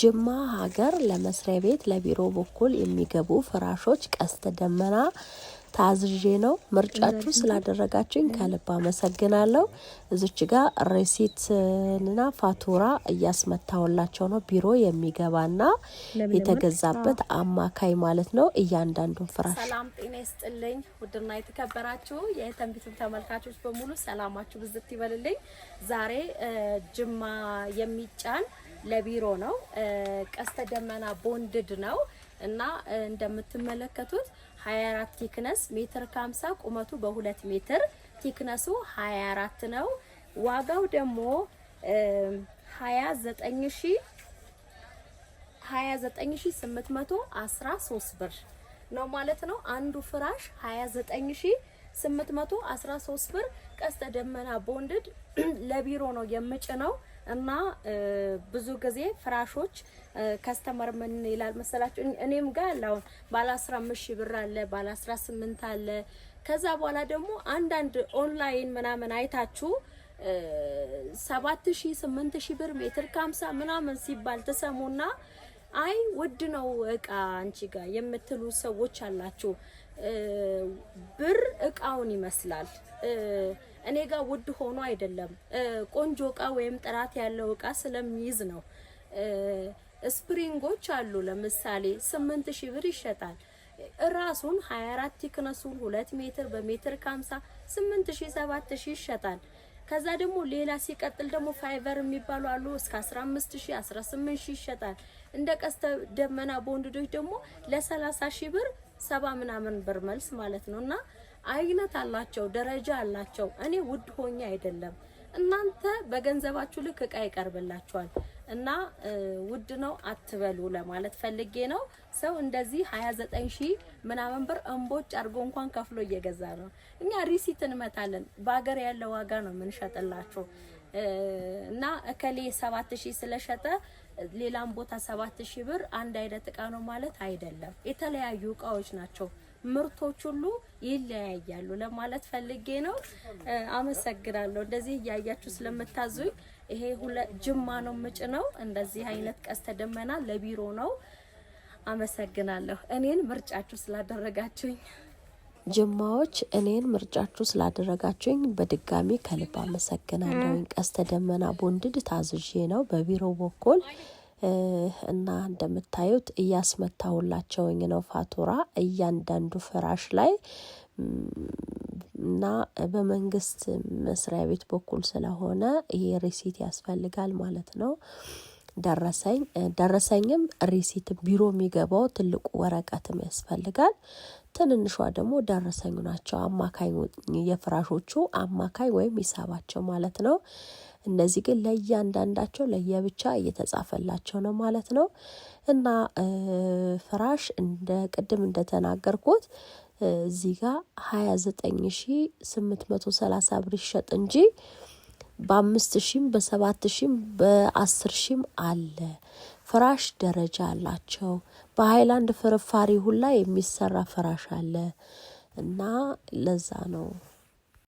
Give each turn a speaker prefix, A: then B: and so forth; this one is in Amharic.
A: ጅማ ሀገር ለመስሪያ ቤት ለቢሮ በኩል የሚገቡ ፍራሾች ቀስተ ደመና ታዝዤ ነው። ምርጫችሁ ስላደረጋችኝ ከልብ አመሰግናለሁ። እዚች ጋር ሬሲትና ፋቱራ እያስመታውላቸው ነው። ቢሮ የሚገባና የተገዛበት አማካይ ማለት ነው። እያንዳንዱን ፍራሽ
B: ሰላም ጤና ይስጥልኝ። ውድና የተከበራችሁ የተንቢትም ተመልካቾች በሙሉ ሰላማችሁ ብዝት ይበልልኝ። ዛሬ ጅማ የሚጫን ለቢሮ ነው። ቀስተ ደመና ቦንድድ ነው እና እንደምትመለከቱት 24 ቲክነስ ሜትር ከ50 ቁመቱ በ2 ሜትር ቲክነሱ 24 ነው። ዋጋው ደግሞ 29813 ብር ነው ማለት ነው። አንዱ ፍራሽ 29813 ብር ቀስተ ደመና ቦንድድ ለቢሮ ነው የምጭ ነው። እና ብዙ ጊዜ ፍራሾች ከስተመር ምን ይላል መሰላችሁ? እኔም ጋር አሁን ባለ 15 ሺህ ብር አለ፣ ባለ 18 አለ። ከዛ በኋላ ደግሞ አንዳንድ ኦንላይን ምናምን አይታችሁ 7000 8000 ብር ሜትር ከሀምሳ ምናምን ሲባል ትሰሙና አይ ውድ ነው እቃ አንቺ ጋር የምትሉ ሰዎች አላችሁ። ብር እቃውን ይመስላል። እኔ ጋር ውድ ሆኖ አይደለም፣ ቆንጆ እቃ ወይም ጥራት ያለው እቃ ስለሚይዝ ነው። ስፕሪንጎች አሉ። ለምሳሌ ስምንት ሺ ብር ይሸጣል። ራሱን 24 ቲክነሱን 2 ሜትር በሜትር 50 8 ሺህ ይሸጣል። ከዛ ደግሞ ሌላ ሲቀጥል ደግሞ ፋይቨር የሚባሉ አሉ እስከ 15000 18000 ይሸጣል። እንደ ቀስተ ደመና ቦንዶች ደግሞ ለ30000 ብር ሰባ ምናምን ብር መልስ ማለት ነውና አይነት አላቸው፣ ደረጃ አላቸው። እኔ ውድ ሆኜ አይደለም እናንተ በገንዘባችሁ ልክ እቃ ይቀርብላችኋል እና ውድ ነው አትበሉ ለማለት ፈልጌ ነው። ሰው እንደዚህ 29 ሺህ ምናምን ብር እንቦጭ አድርጎ እንኳን ከፍሎ እየገዛ ነው። እኛ ሪሲት እንመታለን። በሀገር ያለው ዋጋ ነው የምንሸጥላቸው እና እከሌ ሺህ ስለሸጠ ሌላም ቦታ ሺህ ብር አንድ አይነት እቃ ነው ማለት አይደለም። የተለያዩ እቃዎች ናቸው። ምርቶች ሁሉ ይለያያሉ ለማለት ፈልጌ ነው። አመሰግናለሁ። እንደዚህ እያያችሁ ስለምታዙኝ። ይሄ ሁለ ጅማ ነው ምጭ ነው። እንደዚህ አይነት ቀስተ ደመና ለቢሮ ነው። አመሰግናለሁ። እኔን ምርጫችሁ ስላደረጋችሁኝ
A: ጅማዎች እኔን ምርጫችሁ ስላደረጋችሁኝ በድጋሚ ከልብ አመሰግናለሁ ቀስተ ደመና ቦንድድ ታዝዤ ነው በቢሮ በኩል እና እንደምታዩት እያስመታሁላቸውኝ ነው ፋቱራ እያንዳንዱ ፍራሽ ላይ እና በመንግስት መስሪያ ቤት በኩል ስለሆነ ይሄ ሪሲት ያስፈልጋል ማለት ነው። ደረሰኝ ደረሰኝም ሪሲት ቢሮ የሚገባው ትልቁ ወረቀትም ያስፈልጋል። ትንንሿ ደግሞ ደረሰኙ ናቸው። አማካኝ የፍራሾቹ አማካኝ ወይም ሂሳባቸው ማለት ነው። እነዚህ ግን ለእያንዳንዳቸው ለየብቻ እየተጻፈላቸው ነው ማለት ነው። እና ፍራሽ እንደ ቅድም እንደተናገርኩት እዚህ ጋር ሀያ ዘጠኝ ሺ ስምንት መቶ ሰላሳ ብር ይሸጥ እንጂ በአምስት ሺም በሰባት ሺም በአስር ሺም አለ። ፍራሽ ደረጃ አላቸው። በሀይላንድ ፍርፋሪ ሁላ የሚሰራ ፍራሽ አለ እና ለዛ ነው